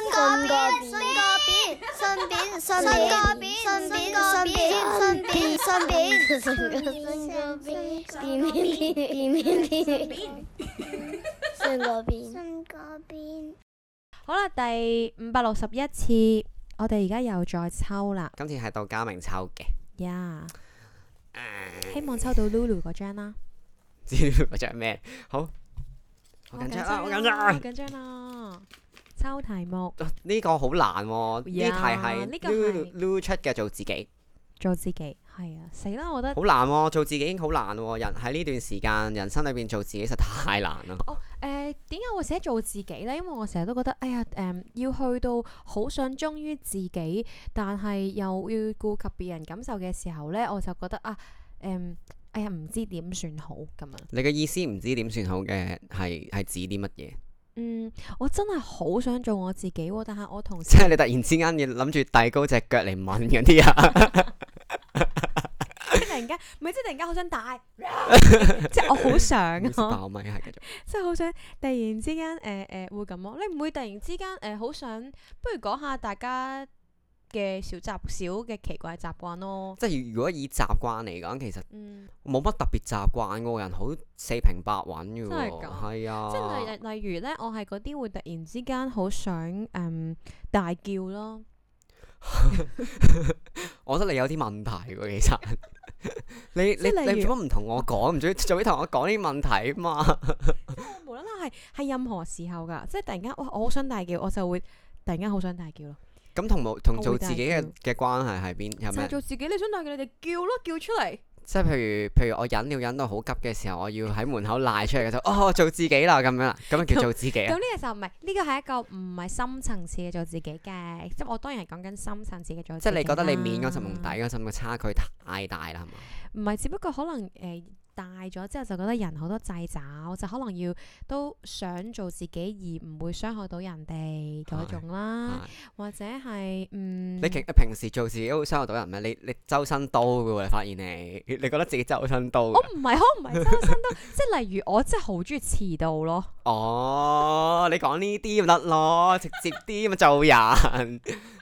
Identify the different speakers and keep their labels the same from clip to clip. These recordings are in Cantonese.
Speaker 1: 順個邊，順個邊，順邊，順邊，順個邊，順邊，順邊，順邊，順邊，順個邊，順個邊。好啦，第五百六十一次，我哋而家又再抽啦。
Speaker 2: 今次係到嘉明抽嘅。
Speaker 1: Yeah。希望抽到 Lulu 嗰張啦。
Speaker 2: 知 Lulu 嗰張咩？好，好緊張啊！好緊張啊！好
Speaker 1: 緊張啊！.抽題
Speaker 2: 目，呢個好難喎。呢題係呢個 Loo 推出嘅做，做自己，
Speaker 1: 做自己係啊，死啦！我覺得好難
Speaker 2: 喎、哦，做自己已經好難喎、哦。人喺呢段時間人生裏邊做自己實太難啦。
Speaker 1: 哦，誒點解會寫做自己呢？因為我成日都覺得，哎呀，誒、嗯、要去到好想忠於自己，但係又要顧及別人感受嘅時候呢，我就覺得啊，誒、嗯，哎呀，唔知點算好咁啊。樣
Speaker 2: 你嘅意思唔知點算好嘅係係指啲乜嘢？
Speaker 1: 嗯，我真係好想做我自己，但係我同時 即係你
Speaker 2: 突然之間要諗住遞高隻腳嚟問嗰啲啊，即係
Speaker 1: 突然間，唔係即係突然間好想大，即係我好想啊，繼續，即係好想突然之間誒誒會咁咯，你唔會突然之間誒好想，不如講下大家。嘅小習小嘅奇怪習慣咯即，
Speaker 2: 即係如果以習慣嚟講，其實冇乜特別習慣嘅，個人好四平八穩嘅，係是啊即。即係例
Speaker 1: 例如咧，我係嗰啲會突然之間好想誒、嗯、大叫咯。
Speaker 2: 我覺得你有啲問題喎，其實 你如你你做乜唔同我講？唔做做咩同我講啲問題啊嘛？
Speaker 1: 無論係係任何時候噶，即係突然間我我好想大叫，我就會突然間好想大叫咯。
Speaker 2: 咁同冇同做自己嘅嘅關係係邊？有咩？就係做
Speaker 1: 自己，你想大叫，你哋叫咯，叫出嚟。
Speaker 2: 即係譬如譬如我忍了忍到好急嘅時候，我要喺門口賴出嚟嘅時候， 哦，做自己啦咁樣啦，咁樣叫做自己啊。咁呢
Speaker 1: 個時候，唔係呢個係一個唔係深層次嘅做自己嘅，即係我當然係講緊深層次嘅做自己。即係你覺得你面嗰陣
Speaker 2: 同底嗰陣嘅差距太大啦，係咪？
Speaker 1: 唔係，只不過可能誒。呃大咗之後就覺得人好多掣肘，就可能要都想做自己而唔會傷害到人哋嗰種啦，或者係嗯。你平
Speaker 2: 平時做自己會傷害到人咩？你你周身刀嘅喎，你發現你你覺得自己周身刀。我唔係，我
Speaker 1: 唔係周身刀，即係例如我， 我真係好中意遲到咯。
Speaker 2: 哦，你講呢啲咪得咯？直接啲咁 做人。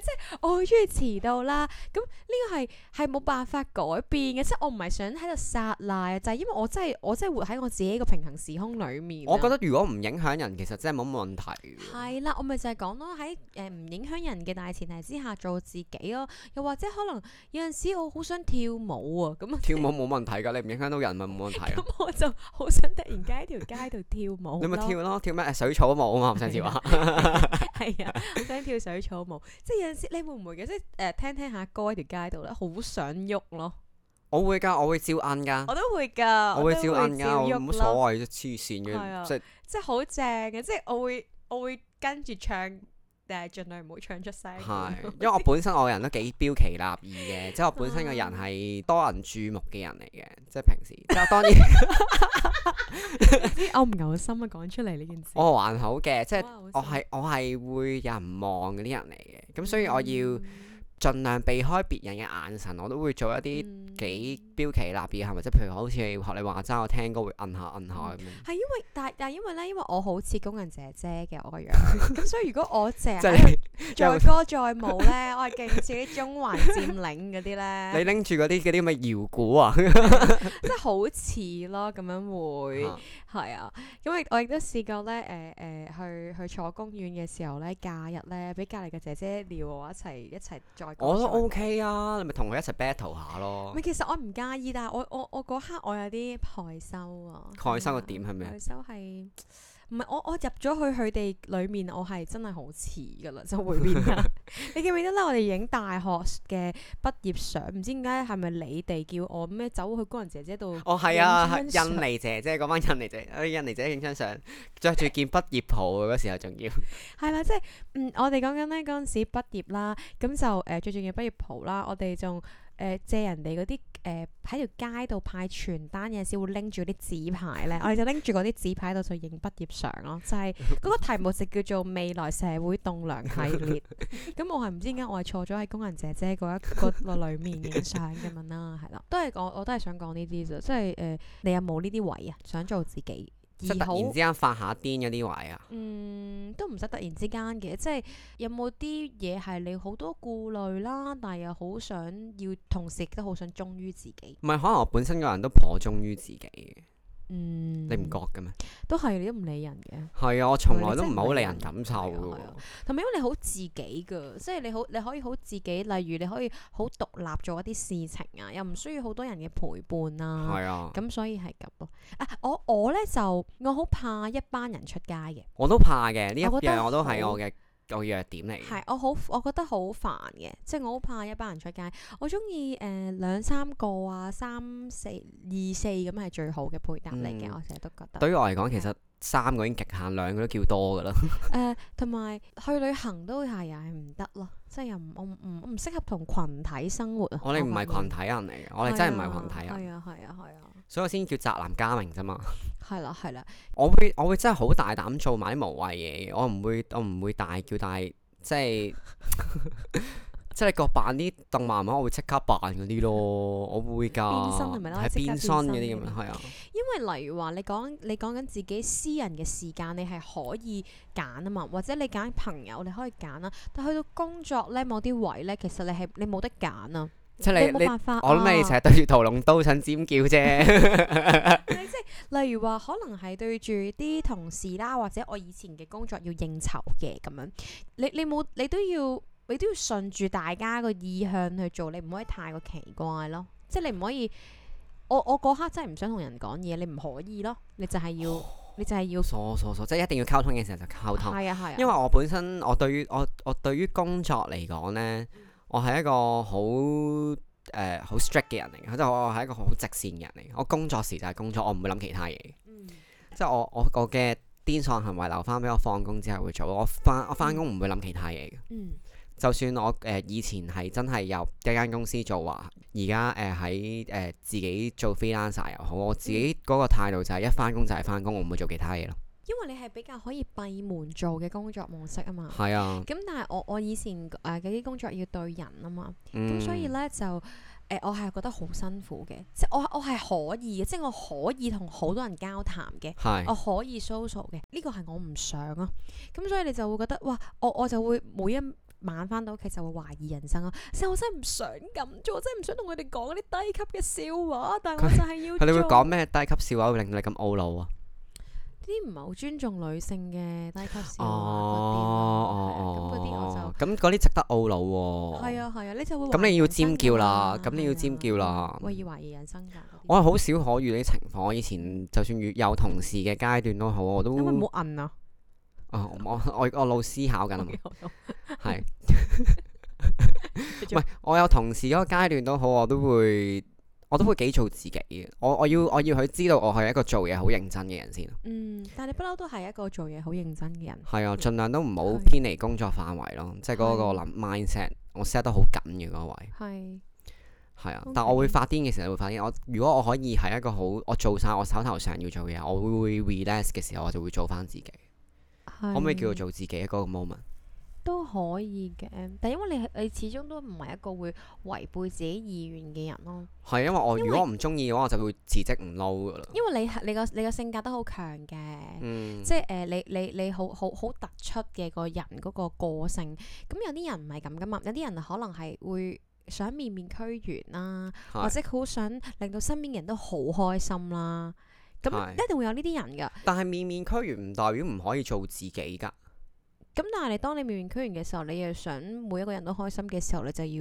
Speaker 1: 即係我好中意遲到啦，咁呢個係係冇辦法改變嘅。即係我唔係想喺度撒賴啊，就係因為我真係我真係活喺我自己個平行時空裡面。我覺
Speaker 2: 得如果唔影響人，其實真係冇乜問題。
Speaker 1: 係啦，我咪就係講咯，喺誒唔影響人嘅大前提之下做自己咯。又或者可能有陣時我好想跳舞啊，咁跳舞
Speaker 2: 冇問題㗎，你唔影響到人咪冇問題。咁
Speaker 1: 我就好想突然間喺條街度跳舞。 你咪跳
Speaker 2: 咯，跳咩水草舞啊嘛，唔想跳。係啊，
Speaker 1: 好想跳水草舞，即係。你會唔會嘅即係誒、呃、聽聽下歌喺條街度咧，好想喐咯！
Speaker 2: 我會噶，我會照眼噶。我都
Speaker 1: 會噶，我都會照眼噶，我冇所謂啫，黐線嘅，即係即係好正嘅，即係我會我會跟住唱。就係盡量唔好唱出聲。係， 因
Speaker 2: 為我本身我人都幾標奇立異嘅， 即係我本身個人係多人注目嘅人嚟嘅， 即係平時。 即係我當然
Speaker 1: 我唔嘔心啊，講出嚟呢件事。
Speaker 2: 我還好嘅，即係我係我係會有人望嗰啲人嚟嘅，咁所以我要、嗯。嗯盡量避開別人嘅眼神，我都會做一啲幾標奇立異嘅，係咪？即譬如好似學你話齋，我聽歌會摁下摁下咁樣。
Speaker 1: 係、嗯、因為但但因為咧，因為我好似工人姐姐嘅我個樣，咁、 嗯、所以如果我成日載歌載舞咧，呢 我係勁似啲中環佔領嗰啲咧。 你
Speaker 2: 拎住嗰啲嗰啲咁嘅搖鼓啊，
Speaker 1: 即係好似咯咁樣會係啊！因為、啊嗯、我亦都試過咧誒誒，去去坐公園嘅時候咧，假日咧，俾隔離嘅姐姐撩我一齊一齊再。我都 OK
Speaker 2: 啊，你咪同佢一齊 battle 下咯。咪其
Speaker 1: 實我唔介意，但係我我我嗰刻我有啲害羞啊。害羞個點係咩？害羞係。唔係我我入咗去佢哋裏面，我係真係好遲㗎啦，就會變啦。 你記唔記得咧？我哋影大學嘅畢業相，唔知點解係咪你哋叫我咩走去工人姐姐度？哦，係啊，印尼姐姐印，印尼姐
Speaker 2: 姐嗰班印尼姐，誒印尼姐影張相，着住件畢業袍嗰 時候仲要 、
Speaker 1: 啊。係、就、啦、是，即係嗯，我哋講緊咧嗰陣時畢業啦，咁就誒、呃、最重要畢業袍啦，我哋仲。誒、呃、借人哋嗰啲誒喺條街度派傳單嘅時會拎住啲紙牌咧， 我哋就拎住嗰啲紙牌度就影畢業相咯，啊，就係、是，嗰個題目就叫做未來社會棟梁系列。咁 我係唔知點解我係錯咗喺工人姐姐嗰一嗰個裡面影相咁樣啦，係啦，都係我我都係想講呢啲啫，即係誒你有冇呢啲位啊？想做自己。就突然之間
Speaker 2: 發下癲嗰啲位啊？嗯，
Speaker 1: 都唔使突然之間嘅，即係有冇啲嘢係你好多顧慮啦，但係又好想要，同時亦都好想忠於自己。
Speaker 2: 唔係，可能我本身個人都頗忠於自己嘅。嗯，你唔覺噶咩？
Speaker 1: 都係你都唔理人嘅，係啊，我從來都唔係好理人
Speaker 2: 感受噶，
Speaker 1: 同埋 因為你好自己噶，即係你好你可以好自己，例如你可以好獨立做一啲事情啊，又唔需要好多人嘅陪伴啊，係啊的，咁所以係咁咯。啊，我我咧就我好怕一班人出街嘅，
Speaker 2: 啊，我都怕嘅呢一樣，我都係我嘅。個弱點嚟嘅，
Speaker 1: 係我好，我覺得好煩嘅，即係我好怕一班人出街。我中意誒兩三個啊，三四二四咁係最好嘅配搭嚟嘅，嗯、我成日都覺得。
Speaker 2: 對於我嚟講，Okay. 其實。三個已經極限，兩個都叫多噶啦、
Speaker 1: 呃。誒，同埋去旅行都係又係唔得咯，即係又唔我唔唔適合同群體生活啊。我哋唔係群
Speaker 2: 體人嚟嘅，我哋真係唔係群體人。係啊係啊係啊，啊啊啊所以先叫宅男家明啫嘛 、
Speaker 1: 啊。係啦係啦，
Speaker 2: 我會我會真係好大膽做埋啲無謂嘢嘅，我唔會我唔會大叫大即係。 即係你個扮啲動漫啊，媽媽我會即刻扮嗰啲咯，我會噶，係變身嗰啲咁樣，係啊。
Speaker 1: 因為例如話你講你講緊自己私人嘅時間，你係可以揀啊嘛，或者你揀朋友，你可以揀啊。但去到工作咧，某啲位咧，其實你係你冇得揀啊。即係你冇辦法。我諗你成
Speaker 2: 日對住屠龍刀想尖叫啫。即
Speaker 1: 係例如話，可能係對住啲同事啦，或者我以前嘅工作要應酬嘅咁樣，你你冇你，你，你都要。你都要順住大家個意向去做，你唔可以太過奇怪咯。即係你唔可以，我我嗰刻真係唔想同人講嘢，你唔可以咯。你就係要，哦、你就係要。所所所，即係一定
Speaker 2: 要溝通嘅時候就溝通。係啊，係啊。啊，因為我本身我對於我我對於工作嚟講咧，我係一個好誒好、呃、straight 嘅人嚟嘅，即係我係一個好直線嘅人嚟嘅。我工作時就係工作，我唔會諗其他嘢、嗯、即係我我我嘅癲喪行為留翻俾我放工之後會做。我翻我翻工唔會諗其他嘢嘅。嗯。就算我誒、呃、以前係真係由一間公司做啊，而家誒喺誒自己做 freelancer 又好，我自己嗰個態度就係一翻工就係翻工，我唔會做其他嘢咯。
Speaker 1: 因為你係比較可以閉門做嘅工作模式啊嘛。係啊。咁但係我我以前誒啲、呃、工作要對人啊嘛，咁、嗯、所以咧就誒、呃、我係覺得好辛苦嘅，即係我我係可以即係我可以同好多人交談嘅，是我可以 social 嘅，呢、呢個係我唔想啊。咁所以你就會覺得哇，我我就會每一晚翻到屋企就會懷疑人生咯、啊，成日我真係唔想咁做，我真係唔想同佢哋講啲低級嘅笑話，但係我真係要。佢哋會講咩
Speaker 2: 低級笑話會令你咁懊惱
Speaker 1: 啊？啲唔係好尊重女性嘅低級笑
Speaker 2: 話哦，啲咯、啊，咁嗰啲我就咁嗰啲值得懊惱喎。係、
Speaker 1: 嗯、啊係啊，你就會咁、啊、你要尖
Speaker 2: 叫啦，咁、啊、你要尖叫啦。
Speaker 1: 我以為、啊、懷疑人生㗎、啊。
Speaker 2: 我係好少可遇嘅情況，我以前就算有同事嘅階段都好，我都。有冇啊？哦，我我我老思考緊，係唔係？我有同事嗰個階段都好，我都會我都會幾做自己嘅。我我要我要佢知道我係一個做嘢好認真嘅人先。嗯，
Speaker 1: 但係你不嬲都係一個做嘢好認真嘅人。
Speaker 2: 係啊，盡量都唔好偏離工作範圍咯，是即係嗰個諗 mindset，是我 set 得好緊嘅嗰位係係是啊。Okay. 但係我會發癲嘅時候，你會發現我如果我可以係一個好我做晒我手頭上要做嘢，我會會 relax 嘅時候，我就會做翻自己。可唔可以叫做做自己嗰個 moment？
Speaker 1: 都可以嘅，但因為你你始終都唔係一個會違背自己意願嘅人咯、
Speaker 2: 啊。係因為我因為如果唔中意嘅話，我就會辭職唔撈噶啦。
Speaker 1: 因為你係你個你個性格都好強嘅，嗯、即係誒、呃、你你你好好好突出嘅個人嗰個個性。咁有啲人唔係咁噶嘛，有啲人可能係會想面面俱圓啦、啊，是或者好想令到身邊嘅人都好開心啦、啊。咁、嗯、一定會有呢啲人噶，
Speaker 2: 但係面面俱圓唔代表唔可以做自己噶、嗯。
Speaker 1: 咁但係你當你面面俱圓嘅時候，你又想每一個人都開心嘅時候，你就要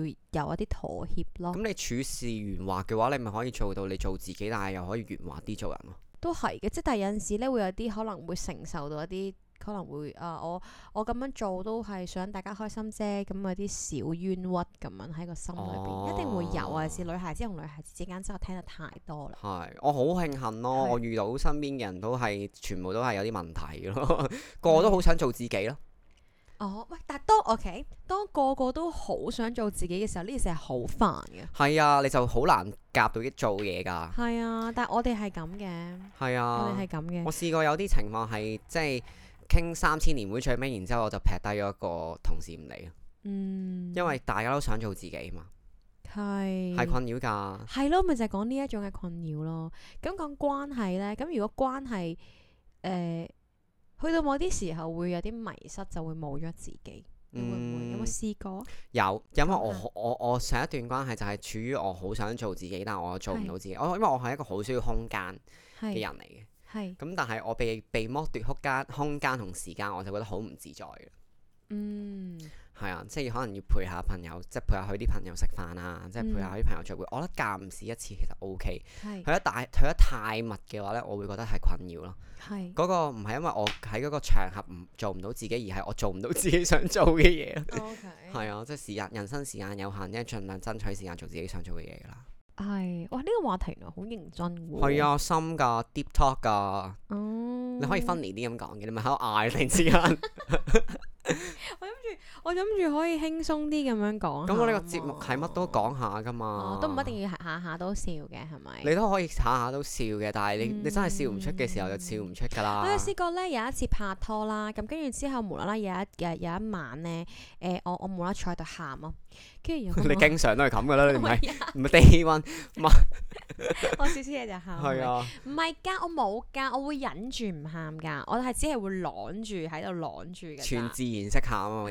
Speaker 1: 有一啲妥協咯。
Speaker 2: 咁、嗯、你處事圓滑嘅話，你咪可以做到你做自己，但係又可以圓滑啲做人咯。
Speaker 1: 都係嘅，即、就、係、是、但係有陣時咧，會有啲可能會承受到一啲。可能會誒、呃，我我咁樣做都係想大家開心啫。咁有啲小冤屈咁樣喺個心裏邊，哦、一定會有啊。似女孩子同女孩子之間真係聽得太多啦。
Speaker 2: 係，我好慶幸咯！是我遇到身邊嘅人都係全部都係有啲問題咯。個個都好想做自己咯。
Speaker 1: 嗯、哦，喂！但都 OK，當個個都好想做自己嘅時候，呢時係好煩
Speaker 2: 嘅。係啊，你就好難夾到啲做嘢㗎。
Speaker 1: 係啊，但係我哋係咁嘅。
Speaker 2: 係啊，我哋係咁嘅。我試過有啲情況係即係。傾三千年會最尾，然之後我就劈低咗一個同事唔理咯。
Speaker 1: 嗯，
Speaker 2: 因為大家都想做自己嘛，
Speaker 1: 係係是困
Speaker 2: 擾噶。係
Speaker 1: 咯，咪就係講呢一種嘅困擾咯。咁講關係咧，咁如果關係誒、呃、去到某啲時候會有啲迷失，就會冇咗自己，
Speaker 2: 會唔會、嗯、有冇試過？有，因為我我我，我上一段關係就係處於我好想做自己，但係我做唔到自己。我是因為我係一個好需要空間
Speaker 1: 嘅人嚟嘅。是係，
Speaker 2: 咁但係我被被剝奪空間、空間同時間，我就覺得好唔自在嘅。嗯，係啊，即係可能要陪下朋友，即係陪下佢啲朋友食飯啊，即係、嗯、陪下佢啲朋友聚會。我覺得間唔時一次其實 O K 是。去得一太去得太密嘅話咧，我會覺得係困擾咯。嗰是個唔係因為我喺嗰個場合唔做唔到自己，而係我做唔到自己想做嘅嘢。O K。係啊，即係時間，人生時間有限，咧、就、盡、是、量爭取時間做自己想做嘅嘢㗎啦。
Speaker 1: 係、哎，哇！呢、呢個話題好認真喎。係啊，
Speaker 2: 深㗎，deep talk 㗎。哦、你可以分離啲咁講嘅，你咪喺度嗌，突然之間。
Speaker 1: 我諗住可以輕鬆啲咁樣講。咁我呢個節目
Speaker 2: 係乜都講下噶嘛，都唔一
Speaker 1: 定要下下都笑嘅係咪？你
Speaker 2: 都可以下下都笑嘅，但係你你真係笑唔出嘅時候就笑唔出噶啦。我有試
Speaker 1: 過咧，有一次拍拖啦，咁跟住之後，無啦啦有一有一晚咧，誒我我冇啦坐喺度喊咯，跟住你經
Speaker 2: 常都係咁噶啦，你唔係唔係 Day one？
Speaker 1: 我少少嘢就喊。係啊。唔係噶，我冇噶，我會忍住唔喊噶，我係只係會攔住喺度攔住噶。全
Speaker 2: 自然式喊啊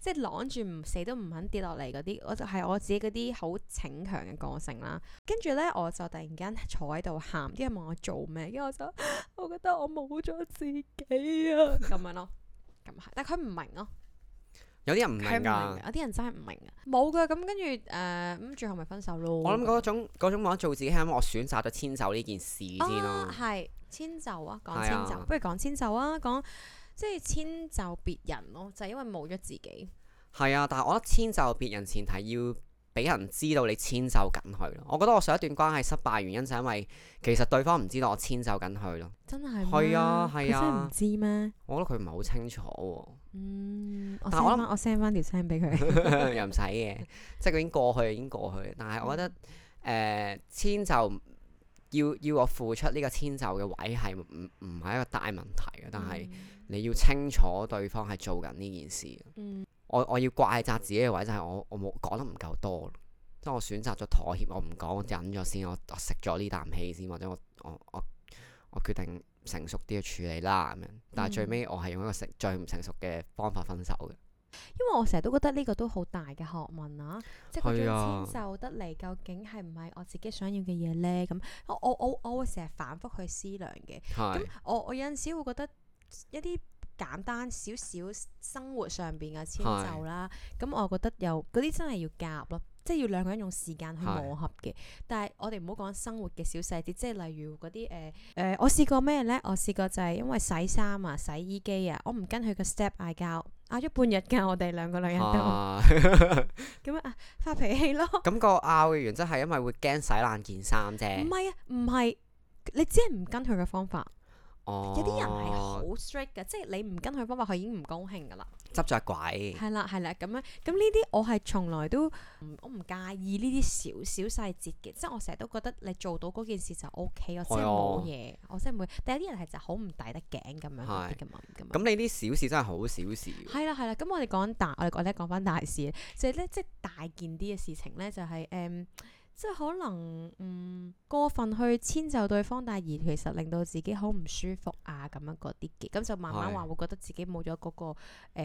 Speaker 1: 即係攬住唔死都唔肯跌落嚟嗰啲，我就係我自己嗰啲好逞強嘅個性啦。跟住咧，我就突然間坐喺度喊，啲人問我做咩，跟住我就，我覺得我冇咗自己啊，咁樣咯，咁但係佢唔明咯。
Speaker 2: 有啲人唔明，明有啲
Speaker 1: 人真係唔明啊，冇噶。咁跟住誒，咁、呃、最後咪分手咯。我諗嗰
Speaker 2: 種嗰種冇得做自己係因為我選擇咗遷就呢件事先咯。係
Speaker 1: 遷、啊、就啊，講遷就，是啊、不如講遷就啊，講。即係遷就別人咯，就係、因為冇咗自己。
Speaker 2: 係啊，但係我覺得遷就別人前提要俾人知道你遷就緊佢咯。我覺得我上一段關係失敗原因就係因為其實對方唔知道我遷就緊佢咯。真
Speaker 1: 係？係啊，係啊。佢真係唔知咩？
Speaker 2: 我覺得佢唔係好清楚
Speaker 1: 喎、啊。嗯，我 send 我 send 翻條 m e s s 俾佢， 又唔使嘅，
Speaker 2: 即係佢已經過去，已經過去。但係我覺得誒、嗯呃、遷就要要我付出呢個遷就嘅位係唔唔係一個大問題嘅，但係、嗯。你要清楚對方係做緊呢件事、嗯我。我我要怪責自己嘅位就，就係我我冇講得唔夠多，即係我選擇咗妥協，我唔講，我忍咗先，我我食咗呢啖氣先，或者我我我我決定成熟啲去處理啦咁樣。嗯、但係最尾我係用一個成最唔成熟嘅方法分手嘅。
Speaker 1: 因為我成日都覺得呢個都好大嘅學問啊，即係佢要遷就是、得嚟，究竟係唔係我自己想要嘅嘢呢？咁我我我我成日反覆去思量嘅。係是。咁我我有陣時會覺得。一啲簡單少少生活上面嘅遷就啦，咁是、嗯、我覺得有嗰啲真係要夾咯，即係要兩個人用時間去磨合嘅。是但係我哋唔好講生活嘅小細節，即係例如嗰啲誒誒，我試過咩咧？我試過就係因為洗衫啊、洗衣機啊，我唔跟佢個 step 嗌交，嗌咗半日噶，我哋兩個女人都，咁啊， 啊發脾氣咯、
Speaker 2: 嗯。咁、那個嗌嘅原因係因為會驚洗爛件衫啫，唔
Speaker 1: 係啊，唔係你只係唔跟佢嘅方法。有啲人係好 strict 嘅，即係你唔跟佢步伐，佢已經唔高興噶啦。
Speaker 2: 執着鬼。係
Speaker 1: 啦，係啦，咁樣咁呢啲我係從來都唔，我唔介意呢啲小小細節嘅，即係我成日都覺得你做到嗰件事就 OK，我，我真係冇嘢，我真係唔會。但係啲人係就好唔抵得頸咁樣嗰啲咁樣。
Speaker 2: 咁你啲小事真係好小事。係
Speaker 1: 啦，係啦，咁我哋講緊大，我哋我哋講翻大事，即係咧，即係大件啲嘅事情咧，就係誒。即係可能嗯過分去遷就對方，但而其實令到自己好唔舒服啊咁樣嗰啲嘅，咁就慢慢話會覺得自己冇咗嗰個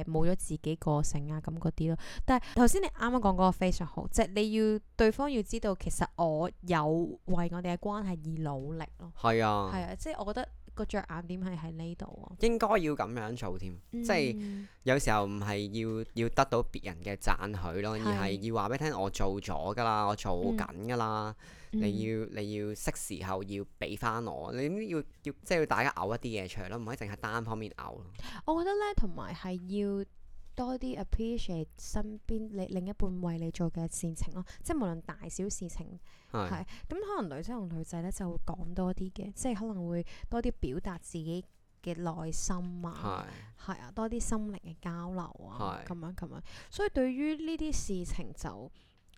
Speaker 1: 冇咗是、呃、自己個性啊咁嗰啲咯。但係頭先你啱啱講嗰個非常好，即係你要對方要知道其實我有為我哋嘅關係而努力咯。
Speaker 2: 係啊，係啊，
Speaker 1: 即係我覺得。個着眼點係喺呢度啊，應
Speaker 2: 該要咁樣做添，嗯、即係有時候唔係要要得到別人嘅讚許咯，嗯、而係要話俾你聽我做咗㗎啦，我做緊㗎啦，嗯、你，
Speaker 1: 你要
Speaker 2: 你要識時候要俾翻我，嗯、你要要即係、就是、要大家嘔一啲嘢出嚟咯，唔可以淨係單方面嘔咯。
Speaker 1: 我覺得咧，同埋係要。多啲 appreciate 身邊你另一半為你做嘅事情咯，即係無論大小事情係。咁係可能女仔同女仔咧就會講多啲嘅，即係可能會多啲表達自己嘅內心啊，係係啊，多啲心靈嘅交流啊，咁係樣咁樣。所以對於呢啲事情就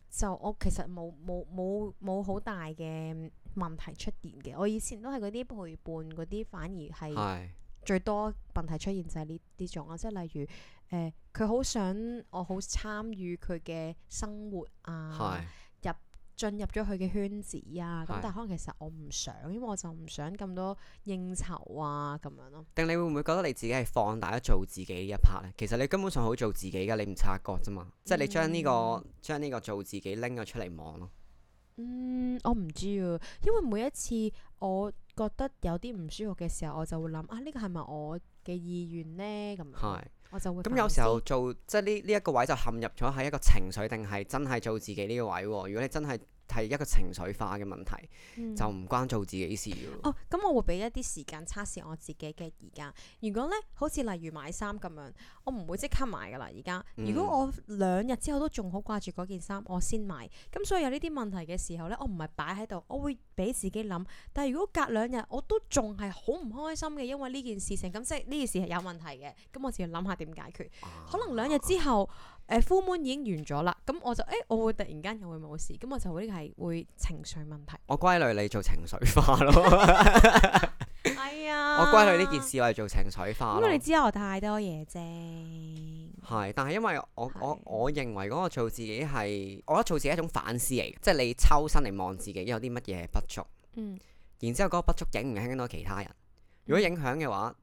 Speaker 1: 就我其實冇冇冇冇好大嘅問題出現嘅。我以前都係嗰啲陪伴嗰啲，反而係最多問題出現就係呢呢種啦，即係例如。誒，佢好、欸、想我好參與佢嘅生活啊，是入進入咗佢嘅圈子啊，咁是但可能其實我唔想，因為我就唔想咁多應酬啊咁樣咯。
Speaker 2: 定你會唔會覺得你自己係放大咗做自己一 part 呢？其實你根本上好做自己噶，你唔察覺啫嘛，嗯、即係你將呢、呢個將呢、嗯、個做自己拎咗出嚟望咯。
Speaker 1: 嗯，我唔知啊，因為每一次我覺得有啲唔舒服嘅時候，我就會諗啊，呢個係咪我嘅意願呢？咁樣是我就會咁、嗯、有時候
Speaker 2: 做即係呢，呢一個位就陷入咗喺一個情緒定係真係做自己呢個位。如果你真係係一個情緒化嘅問題，嗯、就唔關做自己事哦，
Speaker 1: 咁我會俾一啲時間測試我自己嘅而家。如果呢，好似例如買衫咁樣，我唔會即刻買噶啦。而家，如果我兩日之後都仲好掛住嗰件衫，我先買。咁所以有呢啲問題嘅時候呢，我唔係擺喺度，我會俾自己諗。但係如果隔兩日我都仲係好唔開心嘅，因為呢件事情，咁即係呢件事係有問題嘅。咁我就要諗下點解決。啊、可能兩日之後。啊啊.誒、uh, Full Moon 已經完咗啦，咁我就誒、欸，我會突然間又會冇事，咁我就會係會情緒問題。
Speaker 2: 我歸類你做情緒化咯，係啊，
Speaker 1: 我歸類呢件
Speaker 2: 事我係做情緒化咯。因為你
Speaker 1: 知我太多嘢啫。
Speaker 2: 係，但係因為我是的 我我認為嗰個做自己係，我覺得做自己係一種反思嚟嘅，即、就、係、是、你抽身嚟望自己有啲乜嘢不足。嗯、然之後嗰個不足影唔影到其他人？嗯、如果影響嘅話，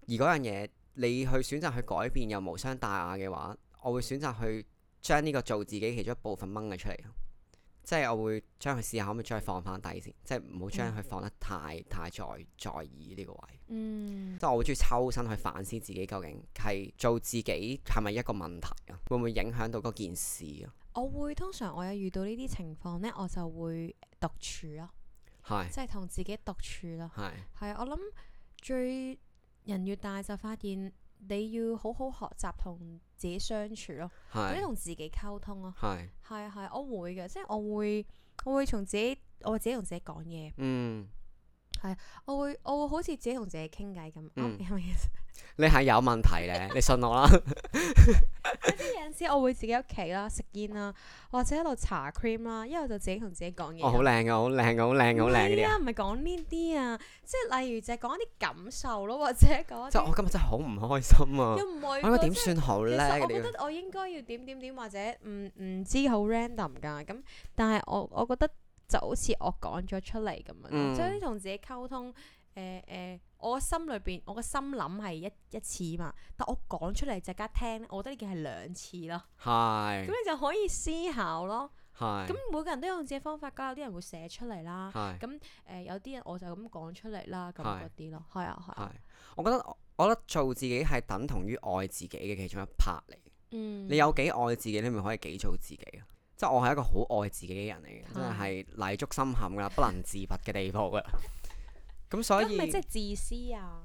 Speaker 2: 而嗰樣嘢你去選擇去改變又無傷大雅嘅話。我會選擇去將呢個做自己其中一部分掹咗出嚟，即係我會將佢試下，可唔可以將佢放翻低先，即係唔好將佢放得太太在在意呢個位。嗯，即係我好中意抽身去反思自己，究竟係做自己係咪一個問題啊？會唔會影響到嗰件事啊？
Speaker 1: 我會通常我有遇到呢啲情況呢，我就會獨處咯，
Speaker 2: 係即係
Speaker 1: 同自己獨處咯。係係是，我諗最人越大就發現，你要好好學習同自己相處咯，或者同自己溝通咯，係係，我會嘅，即係我會，我會從自己，我自己同自己講嘢。嗯係，我會我會好似自己同自己傾偈咁。嗯，係咪意
Speaker 2: 思？你係有問題嘅，你信我啦。有
Speaker 1: 陣時，我會自己屋企啦，食煙啦，或者喺度搽 cream 啦，因為就自己同自己講嘢。哦，好靚
Speaker 2: 啊，好靚啊，好靚，好靚啊。唔係呀，
Speaker 1: 唔係講呢啲啊，即係例如就係講一啲感受咯，或者講，就我
Speaker 2: 今日真係好唔開心啊！要唔會？我應該點算好叻嘅？點？我覺得
Speaker 1: 我應該要點點點，或者唔唔知好 random 㗎，咁，但係我我覺得。就好似我講咗出嚟咁樣，嗯、所以同自己溝通，誒、呃、誒、呃，我心裏邊我個心諗係一一次嘛，但我講出嚟即刻聽，我覺得呢件係兩次咯。
Speaker 2: 係。咁你
Speaker 1: 就可以思考咯。
Speaker 2: 係。咁
Speaker 1: 每個人都用自己方法，咁有啲人會寫出嚟啦。係是。咁、呃、誒，有啲人我就咁講出嚟啦，咁嗰啲咯，係啊係。係、啊啊啊啊。
Speaker 2: 我覺得我覺得做自己係等同於愛自己嘅其中一 part 嚟。嗯、你有幾愛自己，你咪可以幾做自己。即係我係一個好愛自己嘅人嚟嘅，嗯、真係係泥足深陷啦，不能自拔嘅地步啦。咁 所以咪即係
Speaker 1: 自私啊？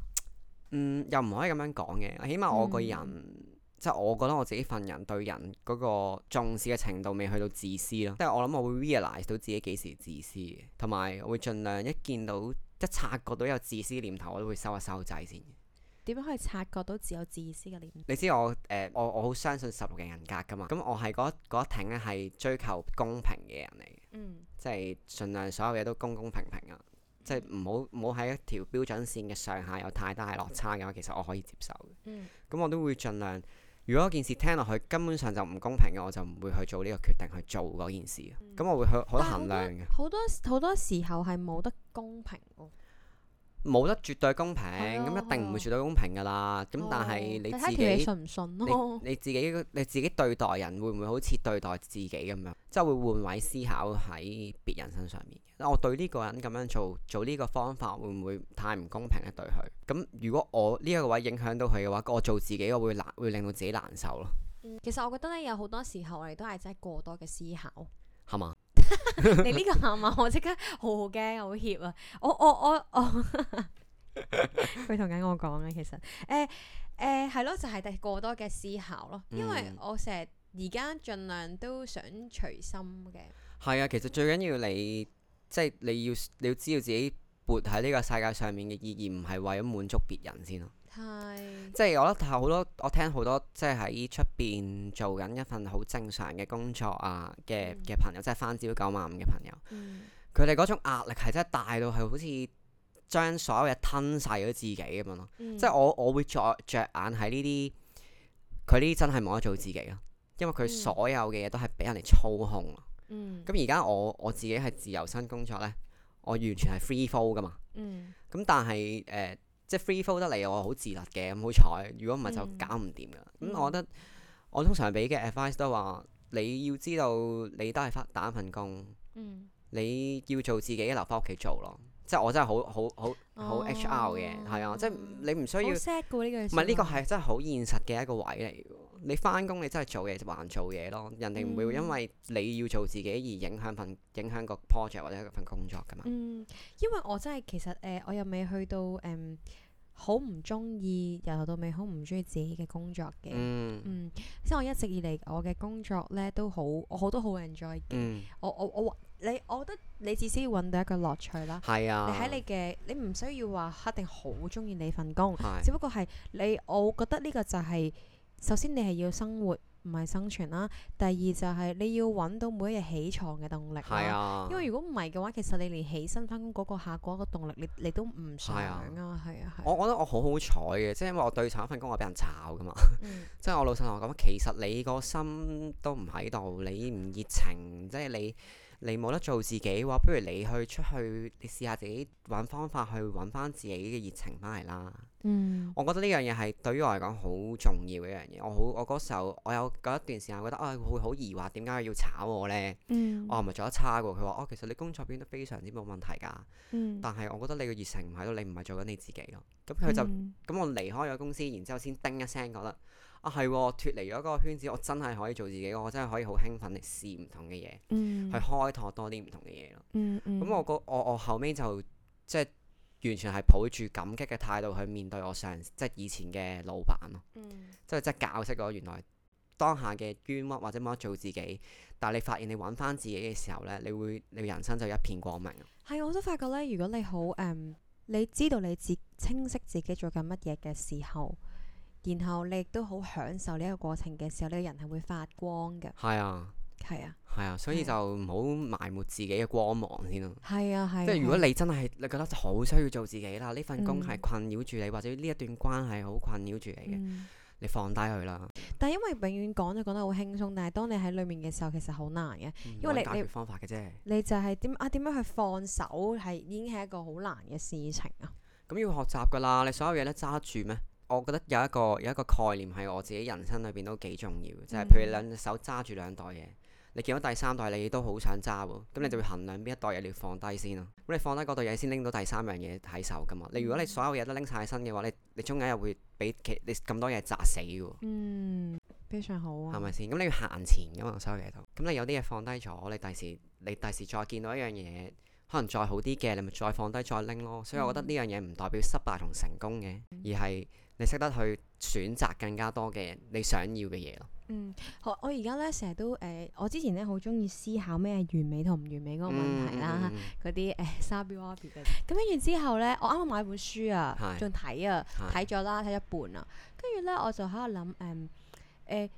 Speaker 2: 嗯，又唔可以咁樣講嘅。起碼我個人、嗯、即係我覺得我自己份人對人嗰個重視嘅程度未去到自私咯。即係我諗我會 realize 到自己幾時自私嘅，同埋我會盡量一見到一察覺到有自私念頭，我都會收一收掣先。
Speaker 1: 點樣可以察覺到自有自私嘅念頭？你知
Speaker 2: 我誒、呃，我我好相信十六嘅人格噶嘛。咁我係嗰一挺係追求公平嘅人嚟嘅，嗯、即係盡量所有嘢都公公平平啊。嗯、即係唔好唔好喺一條標準線嘅上下有太大落差嘅話，其實我可以接受嘅。咁、嗯、我都會盡量。如果件事聽落去根本上就唔公平嘅，我就唔會去做呢個決定去做嗰件事。咁、嗯、我會去好但 多衡量嘅。
Speaker 1: 好多好多時候係冇得公平，
Speaker 2: 冇得絕對公平，咁、嗯、一定唔會絕對公平噶啦。咁、嗯、但係你自己信
Speaker 1: 唔信咯？
Speaker 2: 你自己你自己對待人會唔會好似對待自己咁樣？即係會換位思考喺別人身上面。我對呢個人咁樣做，做呢個方法會唔會太唔公平咧，對佢？咁如果我呢一個位影響到佢嘅話，我做自己我會難，會令到自己難受咯、嗯。
Speaker 1: 其實我覺得咧，有好多時候我哋都係真係過多嘅思考。
Speaker 2: 係嘛？ 你呢個
Speaker 1: 係嘛？ 我即刻好驚，好怯啊！Oh, oh, oh, oh, 我我我我，佢同緊我講嘅，其實誒誒係咯，就係、是、過多嘅思考咯。因為我成日而家盡量都想隨心嘅。
Speaker 2: 係啊、嗯，其實最緊要你即係、就是、你要你要知道自己活喺呢個世界上面嘅意義，唔係為咗滿足別人先咯。係， 即係我覺得好多，我聽好多，即係喺出邊做緊一份好正常嘅工作啊嘅嘅朋友，嗯、即係返朝九晚五嘅朋友，佢哋嗰種壓力係真係大到係好似將所有嘢吞晒咗自己咁樣咯。嗯、即係我我會再著，著眼喺呢啲，佢呢啲真係冇得做自己啊，因為佢所有嘅嘢都係俾人哋操控。嗯，咁而家我我自己係自由身工作咧，我完全係 free fall 噶嘛。咁、嗯、但係誒。呃即係 free fall 得嚟，我好自律嘅咁好彩。如果唔係就搞唔掂㗎。咁、嗯嗯、我覺得我通常俾嘅 advice 都係話，你要知道你都係翻打一份工，嗯、你要做自己留翻屋企做咯。即係我真係好好好好 HR 嘅，係啊、哦，即係你唔需要
Speaker 1: 唔係呢個係
Speaker 2: 真係好現實嘅一個位嚟。哦你翻工你真係做嘢，就還做嘢咯。人哋唔會因為你要做自己而影響份影響個 project 或者份工作㗎嘛。嗯，
Speaker 1: 因為我真係其實誒、呃，我又未去到誒，好唔中意由頭到尾好唔中意自己嘅工作嘅。嗯，即係、嗯、我一直以嚟我嘅工作咧都好，我好多好 enjoy 嘅。我我我，你我覺得你至少要揾到一個樂趣啦。係是啊你你，你喺你嘅，你唔需要話一定好中意你份工，是的 只不過係你，我覺得呢個就係、是。首先你係要生活，唔係生存啦、啊。第二就係你要揾到每一日起床嘅動力啦、啊。啊、因為如果唔係嘅話，其實你連起身翻工嗰個下嗰個動力你，你你都唔想啊。係啊，
Speaker 2: 啊啊我我覺得我好好彩嘅，即係因為我對廠嗰份工我俾人炒㗎嘛。即係、嗯、 我老細同我講，其實你個心都唔喺度，你唔熱情，即係你。你冇得做自己，話、哦、不如你去出去，你試下自己揾方法去揾翻自己嘅熱情翻嚟啦。嗯、我覺得呢樣嘢係對於我嚟講好重要嘅一樣嘢。我好，我嗰時候我有一段時間覺得，啊、哎、會好疑惑點解要炒我呢？嗯、我係咪做得差嘅？佢話，我、哦、其實你工作表現都非常之冇問題㗎。嗯、但係我覺得你嘅熱情唔喺度，你唔係做緊你自己咯。咁佢就咁、嗯、我離開咗公司，然之後先叮一聲，覺得。啊，係脱、哦、離咗嗰個圈子，我真係可以做自己，我真係可以好興奮地試唔同嘅嘢，嗯、去開拓多啲唔同嘅嘢咯。咁、嗯嗯嗯、我我我後尾就即係完全係抱住感激嘅態度去面對我上即係以前嘅老闆咯。嗯、即係即係教識我原來當下嘅冤屈或者乜做自己，但係你發現你揾翻自己嘅時候呢，你會你人生就一片光明。
Speaker 1: 係我都發覺呢，如果你好誒，um, 你知道你自清晰自己做緊乜嘢嘅時候。然後你亦都好享受呢一個過程嘅時候，你個人係會發光嘅。係啊，係啊，
Speaker 2: 係啊，所以就唔好埋沒自己嘅光芒先啦。係
Speaker 1: 啊係，即係如果你
Speaker 2: 真係你覺得好需要做自己啦，呢份工係困擾住你，或者呢一段關係好困擾住你嘅，你放低佢啦。
Speaker 1: 但係因為永遠講就講得好輕鬆，但係當你喺裏面嘅時候，其實好難嘅，因為你解決方法嘅啫。你就係點啊？點樣去放手係已經係一個好難嘅事情啊！咁要學習噶
Speaker 2: 啦，你所有嘢都揸住咩？我覺得有一個有一個概念係我自己人生裏邊都幾重要，就係譬如兩隻手揸住兩袋嘢，你見到第三袋你都好想揸喎，咁你就會衡量邊一袋嘢你要放低先咯。咁你放低嗰袋嘢先拎到第三樣嘢喺手噶嘛。你如果你所有嘢都拎晒身嘅話，你你中間又會俾其你咁多嘢砸死喎。嗯，
Speaker 1: 非常好啊。係咪
Speaker 2: 先？咁你要行前噶嘛，所有嘢都。咁你有啲嘢放低咗，你第時你第時再見到一樣嘢可能再好啲嘅，你咪再放低再拎咯。所以我覺得呢樣嘢唔代表失敗同成功嘅，而係。你識得去選擇更加多嘅你想要嘅嘢咯。
Speaker 1: 嗯，好，我而家咧成日都誒、呃，我之前咧好中意思考咩完美同唔完美嗰個問題啦，嗰啲誒莎 B 嘩 B 嘅。咁跟住之後咧，我啱啱買本書啊，仲睇是啊，睇咗啦，睇一半啊。跟住咧，我就喺度諗誒誒，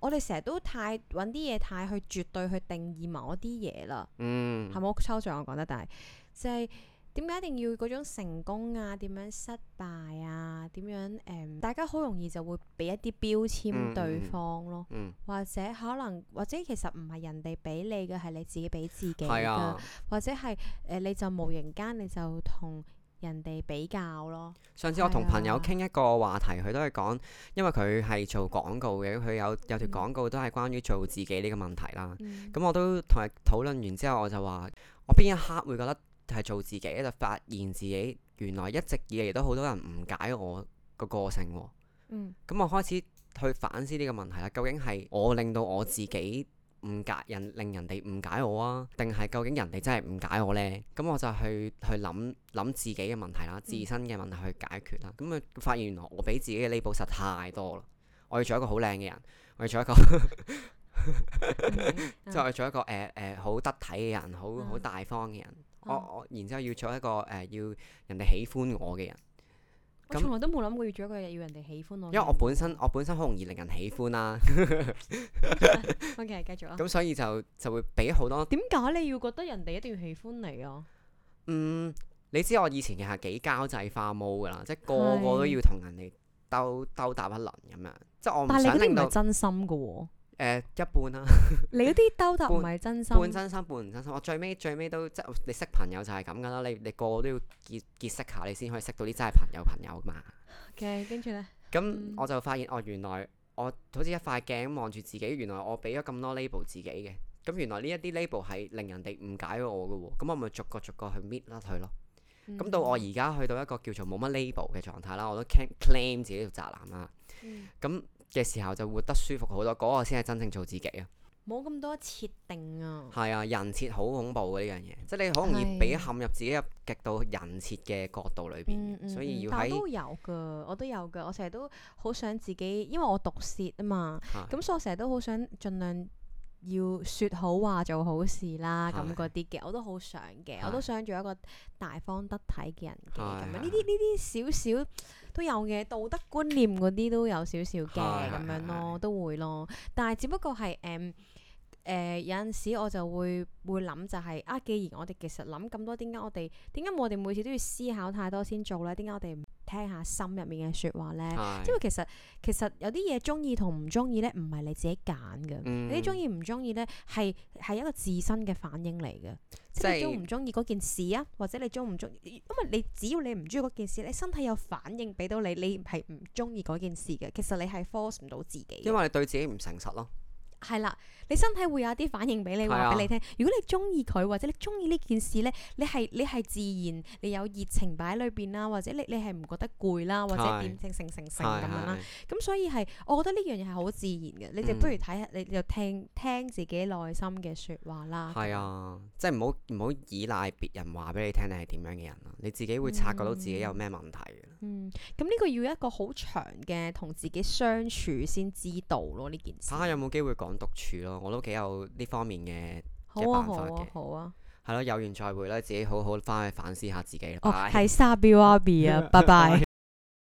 Speaker 1: 我哋成日都太揾啲嘢太去絕對去定義某一啲嘢啦。嗯，係咪抽象？我講得大，即係。就是點解一定要嗰種成功啊？點樣失敗啊？點樣誒、嗯？大家好容易就會俾一啲標籤對方咯，嗯嗯、或者可能或者其實唔係人哋俾你嘅，係你自己俾自己嘅，啊、或者係誒、呃、你就無形間你就同人哋比較咯。上次我同朋
Speaker 2: 友傾一個話題，佢、啊、都係講，因為佢係做廣告嘅，佢有有條廣告都係關於做自己呢個問題啦。咁、嗯、我都同佢討論完之後，我就話我邊一刻會覺得。係做自己，就發現自己原來一直以嚟都好多人誤解我個個性喎。嗯，咁我開始去反思呢個問題啦。究竟係我令到我自己唔解人，令人哋誤解我啊？定係究竟人哋真係誤解我呢？咁我就去去諗諗自己嘅問題啦，自身嘅問題去解決啦。咁啊、嗯，發現原來我俾自己嘅呢寶石太多啦。我要做一個好靚嘅人，我要做一個即係我要做一個誒誒好得體嘅人，好好、uh. 大方嘅人。我我然之後要做一個誒、呃、要人哋喜歡我嘅人。嗯、我從來
Speaker 1: 都冇諗過要做一個要人哋喜歡我。因為我本
Speaker 2: 身我本身好容易令人喜歡啦。
Speaker 1: OK，繼續啊。咁所
Speaker 2: 以就就會俾好多，點
Speaker 1: 解你要覺得人哋一定要喜歡你啊？嗯，
Speaker 2: 你知我以前其實幾交際花毛噶啦，即係個個都要同人哋兜兜搭一輪咁樣，即係我唔但係你嗰啲唔係
Speaker 1: 真心噶喎、哦。
Speaker 2: 誒、呃、一半啦、啊，你嗰啲兜頭唔係真心，半真心半唔真心。我最尾最尾都，即係你識朋友就係咁噶啦，你你個個都要結結識下，你先可以識到啲真係朋友朋友嘛。
Speaker 1: OK，跟住咧，咁那、嗯、我就
Speaker 2: 發現哦，原來我好似一塊鏡望住自己，原來我俾咗咁多 label 自己嘅，咁原來呢一啲 label 係令人哋誤解我嘅喎、啊，咁我咪逐，逐個逐個去搣甩佢咯。咁、嗯、到我而家去到一個叫做冇乜 label 嘅狀態啦，我都 can claim 自己做宅男啦。咁、嗯嗯嘅時候就活得舒服好多，嗰、嗰個先係真正做自己啊！
Speaker 1: 冇咁多設定啊！係
Speaker 2: 啊，人設好恐怖嘅呢樣嘢，即係你好容易俾陷入自己入極度人設嘅角度裏邊，嗯嗯、所以要。但都
Speaker 1: 有㗎，我都有㗎，我成日都好想自己，因為我讀書啊嘛，咁是所以我成日都好想盡量要説好話、做好事啦，咁嗰啲嘅我都好想嘅，是我都想做一個大方得體嘅人嘅，咁啊呢啲呢啲少少。都有嘅道德觀念嗰啲都有少少嘅咁樣咯，的都會咯，但係只不過係。誒、um,。誒、呃，有陣時我就會會諗就係、是、啊，既然我哋其實諗咁多，點解我哋點解我哋每次都要思考太多先做咧？點解我哋唔聽下心入面嘅說話咧？是 因為其實其實有啲嘢中意同唔中意咧，唔係你自己揀㗎，你中意唔中意咧，係係一個自身嘅反應嚟嘅，是 即係中唔中意嗰件事啊？或者你中唔中意？因為你只要你唔中意嗰件事，你身體有反應俾到你，你係唔中意嗰件事嘅。其實你係 force 唔到自己，因
Speaker 2: 為你對自己唔誠實
Speaker 1: 咯。係啦，你身體會有啲反應俾你話俾你聽。係啊、如果你中意佢或者你中意呢件事咧，你係你係自然，你有熱情擺喺裏邊啦，或者你你係唔覺得攰啦，或者點成成成咁樣啦。咁所以係，我覺得呢樣嘢係好自然嘅。你就不如睇下、嗯、你就聽聽自己內心嘅説話啦。係啊，即係
Speaker 2: 唔好唔好依賴別人話俾你聽你係點樣嘅人咯。你自己會察覺到自己有咩問題嘅、嗯嗯。
Speaker 1: 嗯，咁呢個要一個好長嘅同自己相處先知道咯。呢件事睇下
Speaker 2: 有冇機會講。獨處咯，我都幾有呢方面嘅嘅、啊、辦法嘅、啊。好啊，係咯，有緣再會啦，自己好好翻去反思下自己啦。哦，係，莎 B 嘩 B，拜拜。